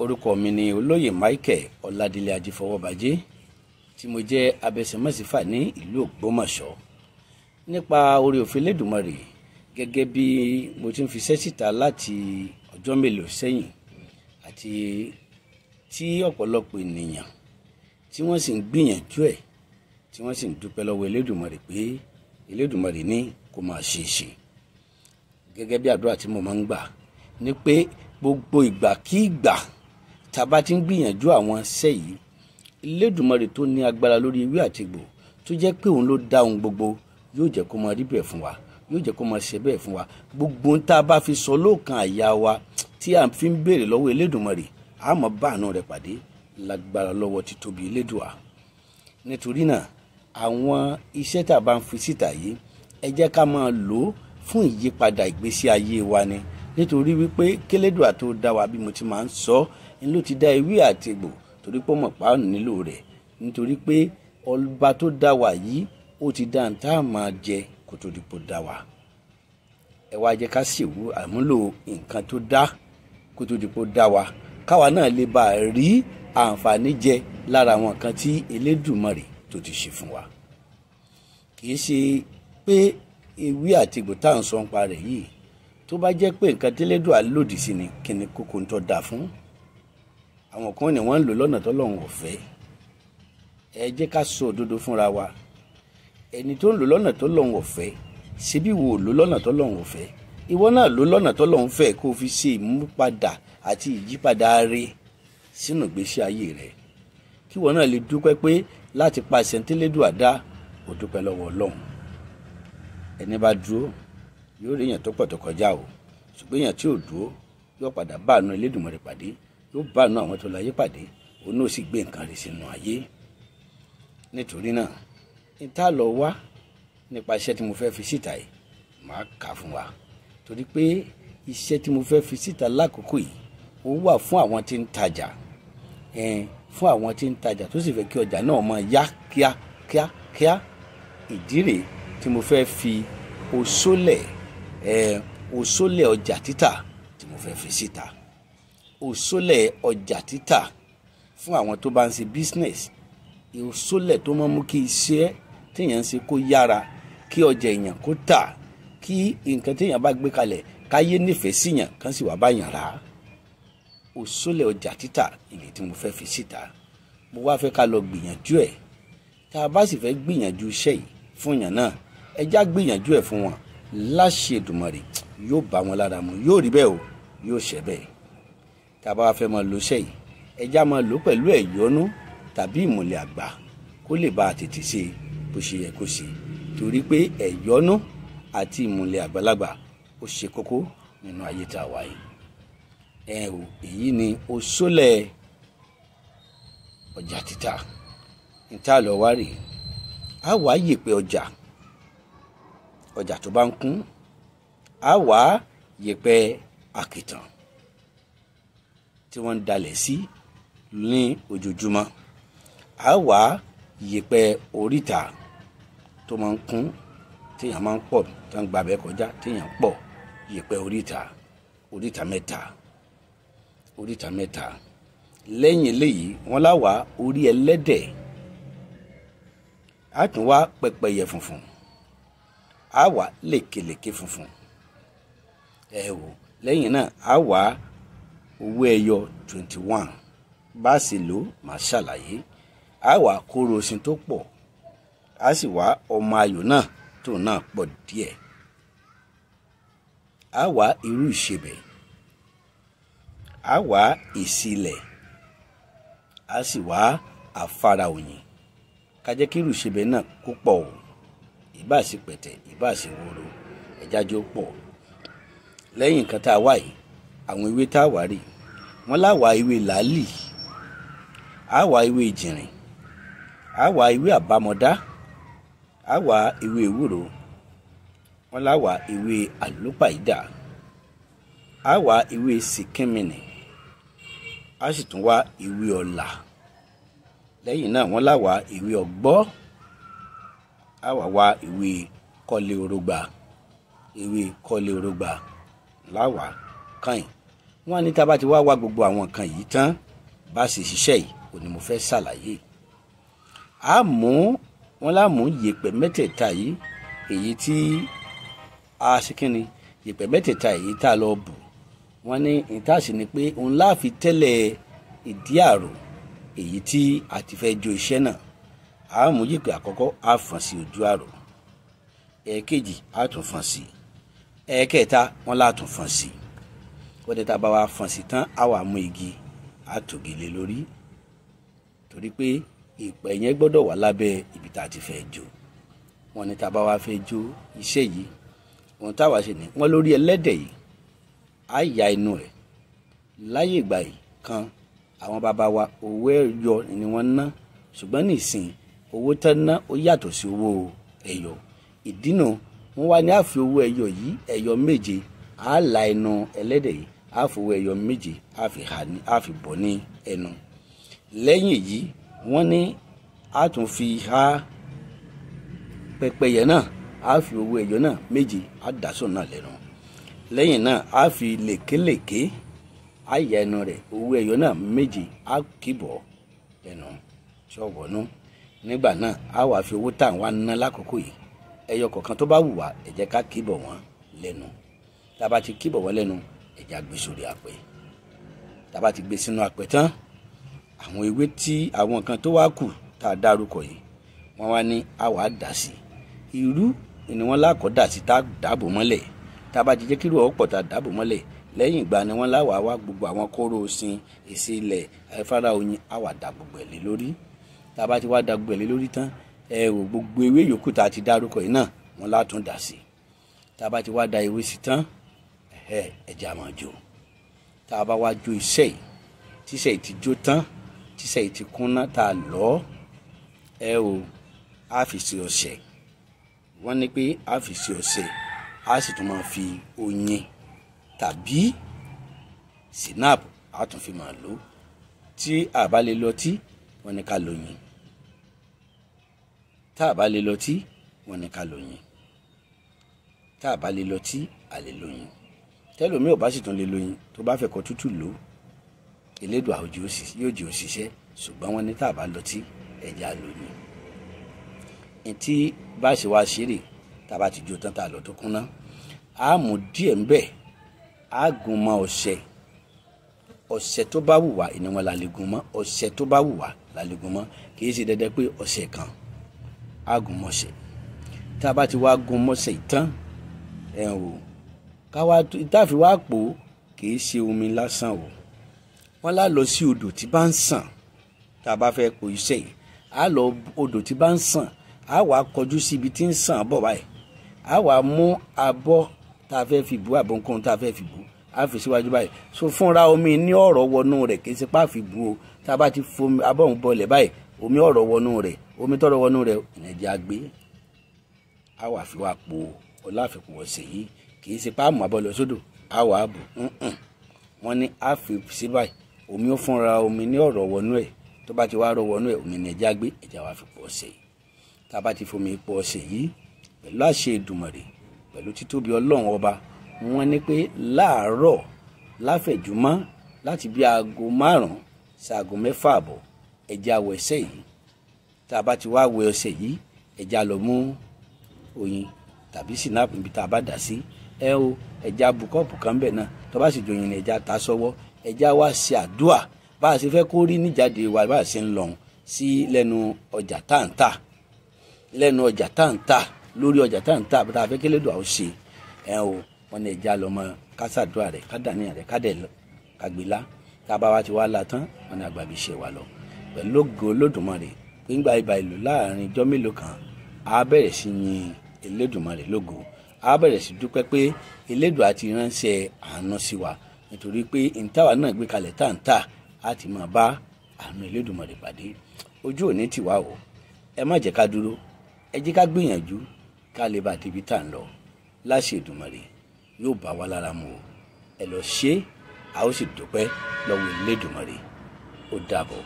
orúkọ mi ni olóyè michael ọládélé ajífọwọ́bajé tí mo jẹ́ abẹsẹ̀mọ́sífà ní ìlú ògbómọ̀ṣọ́ nípa oore ọ̀fẹ́ Elédùmarè gẹ́gẹ́ bí mo ti ń fi iṣẹ́ síta láti ọjọ́ mélòó sẹ́yìn àti tí ọ̀pọ̀lọpọ̀ ènìyàn tí wọ́n sì ń gbìyànjú ẹ̀ tí wọ́n sì ń dúpẹ́ lọ́wọ́ Elédùmarè pé Elédùmarè ní kó máa ṣe ṣe gẹ́gẹ́ bí àdúrà tí mo máa ń gbà ni pé gbogbo ìgbà kí ìgbà tá a bá ti ń gbìyànjú àwọn iṣẹ́ yìí Elédùmarè tó ní agbára lórí ewé àtìgbò tó jẹ́ pé òun ló dá ohun gbogbo yóò jẹ́ kó máa rí bẹ́ẹ̀ fún wa yóò jẹ́ kó máa ṣe bẹ́ẹ̀ fún wa gbogbo tá a bá fi sọ lóòkan àyà wa tí a fi ń béèrè lọ́wọ́ Elédùmarè a máa bá àánú rẹ̀ pàdé lágbára lọ́wọ́ títóbi Elédùà nítorí náà àwọn iṣẹ́ tá a bá ń fi síta yìí ẹ jẹ́ ká máa lò ó fún ìyípadà ìgbésí ayé wa ni nítorí wípé kélédùà tó dá wa bí mo ti máa ń sọ ọ́ ń ló ti dá ewé àti egbò torí pé ọmọ pa nílò rẹ̀ nítorí pé ọba tó dá wa yìí ó ti dá ń tá a máa jẹ kó tó di pò dá wa ẹ wá jẹ ká ṣèwú àmúlò nǹkan tó dá kó tó di pò dá wa káwa náà lè bá a rí àǹfààní jẹ lára àwọn nǹkan tí Elédùmarè tó ti ṣe fún wa kì í ṣe pé ewé àti egbò sọ ń pa yìí tó bá jẹ́ pé nǹkan tẹ́lẹ́dùn á sí ni kí ni kókó ń tọ́ da fún àwọn kan ní wọ́n ń lò lọ́nà tọ́lọ́run ò fẹ́ ẹ jẹ́ ká sọ òdodo fúnra wa ẹni tó ń lò lọ́nà tọ́lọ́run ò fẹ́ ṣebí wo lò lọ́nà tọ́lọ́run ò fẹ́ ìwọ náà lò lọ́nà tọ́lọ́run fẹ́ kó o fi ṣe ìmúpadà àti ìyípadà rẹ sínú ìgbésí ayé rẹ kí ìwọ náà lè dúpẹ́ pé láti pa ìṣẹ́ntẹ́lẹ́dùn àdá ò dúpẹ́ lọ́wọ́ ọlọ́run ẹni bá dúró yóò rí èèyàn tó pọ̀ tó kọjá o ṣùgbọ́n èèyàn tí ò dúró yóò padà bá àánú Elédùmarè pàdé yóò bá inú àwọn tó láyé pàdé òun náà sì gbé nǹkan rẹ̀ sínú ayé nítorí náà níta lọ wá nípa iṣẹ́ tí mo fẹ́ fi síta yìí màá kà fún wa torí pé iṣẹ́ tí mo fẹ́ fi síta lákòókò yìí ó wà fún àwọn tí ń tajà fún àwọn tí ń tajà tó sì fẹ́ kí ọjà náà máa yá kíá kíá kíá ìdí rèé tí mo fẹ́ fi òṣòlẹ̀ òṣòlẹ̀ ọjà títà tí mo fẹ́ fi síta òṣòlẹ̀ ọjà títà fún àwọn tó bá ń ṣe business òṣòlẹ̀ tó máa mú kí iṣẹ́ téèyàn ń ṣe kó yára kí ọjà èèyàn kó tà kí nǹkan téèyàn bá gbé kalẹ̀ káyé nífẹ̀ẹ́ síyàn kán sì wá báyàn rà á òṣòlẹ̀ ọjà títà ìlè tí mo fẹ́ fi síta mo wá fẹ́ ká lọ gbìyànjú ẹ̀ tá a bá sì fẹ́ gbìyànjú iṣẹ́ yìí fún èèyàn náà ẹ gbìyànjú ẹ̀ fún wọn láṣẹ Èdùmàrè yóò bá wọn lára mu yóò rí bẹ́ẹ̀ o yóò ṣẹ bẹ́ẹ̀ tàbá wa fẹ́ máa lo iṣẹ́ yìí ẹja máa lò pẹ̀lú ẹ̀yọ́nú tàbí ìmọ̀lẹ̀ àgbà kó lè bá a tètè ṣe bó ṣe yẹ kó ṣe torí pé ẹ̀yọ́nú àti ìmọ̀lẹ̀ àgbàlagbà ó ṣe kókó nínú ayé tá a wà yìí ẹ o èyí ni ó sólẹ̀ ọjà títà níta lọ wá rèé a wá yèpẹ̀ ọjà ọjà tó bá ń kún a wá yèpẹ̀ àkìtàn tí wọ́n ń dalẹ̀ sí ní ojoojúmọ́ a wá yẹ̀pẹ̀ oríta tó máa ń kún téèyàn máa ń pọ̀ tó ń gbàbẹ́ kọjá téèyàn pọ̀ yẹ̀pẹ̀ oríta oríta mẹ́ta oríta mẹ́ta lẹ́yìn eléyìí wọ́n lá orí ẹlẹ́dẹ̀ a tún wá pẹpẹyẹ funfun a wá lékelèké funfun ẹ wò lẹ́yìn náà a wá owó ẹyọ twenty one bá a sì lò má ṣàlàyé a wà kóró oṣin tó pọ̀ a sì wá ọmọ ayò náà tó náà pọ̀ díẹ̀ a wá irú ìṣebẹ̀ a wá ìsílẹ̀ a sì wá afárá òyìn ká kí irú ìṣebẹ̀ náà kó pọ̀ o ìbá sí pẹ̀tẹ̀ ìbá sí wóró ẹ̀jájó pọ̀ lẹ́yìn nǹkan tá a wá yìí àwọn ewé tá a wá rí wọ́n láwà ewé làálì àwà ewé ìjìnrìn àwà ewé àbámọ̀dá àwà ewé ewúro wọ́n láwà ewé àlùpàìdà àwà ewé sìkínmìnì a sì tún wá ewé ọ̀là lẹ́yìn náà wọ́n láwà ewé ọ̀gbọ́ àwà wá ewé kọ́lé orógbà ewé kọ́lé orógbà láwà kàn yìí wọ́n ní tá a bá ti wá wá gbogbo àwọn nǹkan yìí tán bá a sì ṣiṣẹ́ yìí kò ní mo fẹ́ ṣàlàyé a mú wọn láàmú yèpẹ̀ mẹ́tẹ̀ẹ̀ta yìí èyí tí a ṣe kí ni yèpẹ̀ mẹ́tẹ̀ẹ̀ta èyí tá a lọ bù wọ́n ní ìtaàsì ni pé òun láàfi tẹ́lẹ̀ ìdí àrò èyí tí a ti fẹ́ jo iṣẹ́ náà a mú yèpẹ̀ àkọ́kọ́ a fọ̀n sí ojú àrò ẹ̀ẹ̀kejì a tún fọ̀n sí ẹ̀ẹ̀kẹta wọn látún fọ̀n sí bọ́dẹ̀ tá a bá wa fọ̀n sí tán á wà mú igi àtògì lé lórí torí pé ìpẹ́ yẹn gbọ́dọ̀ wà lábẹ́ ibi tá a ti fẹ́ jó wọn ní tá bá wa fẹ́ jó iṣẹ́ yìí ohun táwa ṣe ni wọn lórí ẹlẹ́dẹ̀ yìí á ya inú rẹ̀ láyé ìgbà yìí kan àwọn bàbá wa owó ẹyọ ni wọ́n ná ṣùgbọ́n nísìn owó tán ná ó yàtọ̀ sí owó ẹyọ ìdínà wọn wá ní àfi owó ẹyọ yìí ẹyọ méje á la ẹnu ẹlẹ́dẹ̀ yìí a fowó ẹyọ méje a fi bọ̀ ní ẹnu lẹ́yìn èyí wọ́n ní a tún fi ha pẹpẹyẹ náà a fi owó ẹyọ náà méje a dàsọ náà lẹ́nu lẹ́yìn náà a fi lèkélèké a yà ẹnu rẹ̀ owó ẹyọ náà méje a kìbọ̀ ẹnu ṣọ̀wọ́nú nígbà náà a wà fi owó tá wá ná lákòókò yìí ẹyọ kọ̀ọ̀kan tó bá wù wá ẹ ká kìbọ̀ wọ́n lẹ́nu tá a bá ti kìbọ̀ wọ́n lẹ́nu ẹja gbé sórí apẹ tába ti gbé sínú apẹ tán àwọn ewé tí àwọn nǹkan tó wá kù tá a dárúkọ yìí wọn wá ní àwa dà sí irú ni wọn lákọ dà sí tá a dàbò mọ́lẹ̀ tába ti jẹ kí irú ọ̀pọ̀ tá a dàbò mọ́lẹ̀ lẹ́yìn ìgbà ni wọ́n láwàá wá gbogbo àwọn kóró osin èsì ilẹ̀ afárá oyin àwà da gbogbo ẹ̀ lé lórí tá a bá ti wá da gbogbo ẹ̀ lé lórí tán ẹ wò gbogbo ewé yòókù tá a ti dárúkọ yìí náà wọ́n látún dà sí tá ti wá da ewé sí tán ẹ ẹjẹ àmọ́ jó tá a bá wá jó iṣẹ́ yìí tíṣẹ́ yìí ti jó tán tíṣẹ́ yìí ti kúnná tá a lọ ẹ o á fi ṣe ọṣẹ wọ́n ní pé á fi ṣe ọṣẹ á sì tún máa fi oyin tàbí sinap á tún fi máa lò tí a bá lè lọ tí wọ́n ní ká lò yín tá a bá lè lọ tí wọ́n ní ká lò yín tá a bá lè lọ tí a lè lò yín tẹ́lómi ò bá sì tún lè lóyún tó bá fẹ̀kọ́ tútù lò ó elédùn àwùjọ yóò jẹ́ òṣìṣẹ́ ṣùgbọ́n wọ́n ní tá a bá lọ tí ẹ̀jẹ̀ á lò ní. etí bá ṣe wá ṣeré tá a bá ti jó tán tá a lọ tó kúnná á mú díẹ̀ ń bẹ̀ á gun mọ́ ọṣẹ ọṣẹ tó bá wù wá ni la lè gun mọ́ ọṣẹ tó bá wù wá la lè gun mọ́ kì í ṣe dandan pé ọṣẹ kan á gun mọ́ṣẹ tá a bá ti wá gun mọ́ṣẹ tán ẹ̀ káwa táfi wá pò ó kìí ṣe omi lásán o wọ́n lá lọ sí odò tí bá ń sàn tá a bá fẹ́ pò iṣẹ́ yìí á lọ odò tí bá ń sàn á wà kọjú sí ibi tí ń sàn bọ̀ báyìí á wà mú abọ́ tá a fẹ́ fi bú àbọ̀nkún tá a fẹ́ fi bú á fi síwájú báyìí so fúnra omi ní ọ̀rọ̀ wọnú rẹ̀ kì í ṣe pá fi bú o tá a bá ti fomi abọ́hùn bọlẹ̀ báyìí omi ọ̀rọ̀ wọnú rẹ̀ omi tọ̀rọ̀ wọnú rẹ̀ ẹ̀jẹ̀ àgbé á wà fi wá po ọláfikùn ọ̀sẹ̀ yìí kì í ṣe pa àmọ́ abọ́ lọ sódò á wà á bù wọ́n ní á fi sí báyìí omi ó fúnra omi ní ọ̀rọ̀ wọnú ẹ̀ tó bá ti wá rọ wọnú ẹ̀ omi ní ẹja gbé ẹja wàá fi pọ̀ ọ̀sẹ̀ yìí tá a bá ti fomi pọ̀ ọ̀sẹ̀ yìí pẹ̀lú àṣẹ Èdùmàrè pẹ̀lú títóbi Ọlọ́run ọba wọ́n ní pé láàárọ̀ láfẹ̀júmọ́ láti bí aago márùn-ún sí aago mẹ́fà àbọ̀ ẹja wọ ẹsẹ̀ yìí tá a bá ti wá wẹ ọṣẹ yìí ẹja lọ mú oyin tàbí sinap níbi tá a bá dà sí ẹ o ẹja bukọ́ọ̀pù kan bẹ̀ náà tó bá sì jòyìn ẹja ta sọ́wọ́ ẹja wá sí àdúà bá a ṣe fẹ́ kó rí níjáde wa bá a ṣe ń lọ̀hún sí lẹ́nu ọjà táǹtà lẹ́nu ọjà táǹtà lórí ọjà táǹtà bàtà afẹ́kẹ́lẹ́dọ̀ àwọn ṣe ẹ o wọn ní ẹja lọmọ kásàdúà rẹ kádàníyàn rẹ kádẹ kagbélá tábà wa ti wá la tán wọn ní àgbàbí ṣe wà lọ pẹ̀lú ògo gbígbà ibà ìlú láàrin ijọ́ kan á sí yin Elédùmarè lógo a bẹ̀rẹ̀ sí dúpẹ́ pé Elédùà àti ránṣẹ́ àánú sí wa nítorí pé ìntàwá náà gbé kalẹ̀ táǹtà á ti máa bá àánú Elédùmarè pàdé ojú òní ti wá o ẹ má jẹ́ ká dúró ẹ jẹ́ ká gbìyànjú ká lè bá débi tá ń lọ láṣẹ Èdùmarè yóò bá wa lára mu o ẹ lọ ṣe é a ó sì dúpẹ́ lọ́wọ́ Elédùmarè ó dàbọ̀.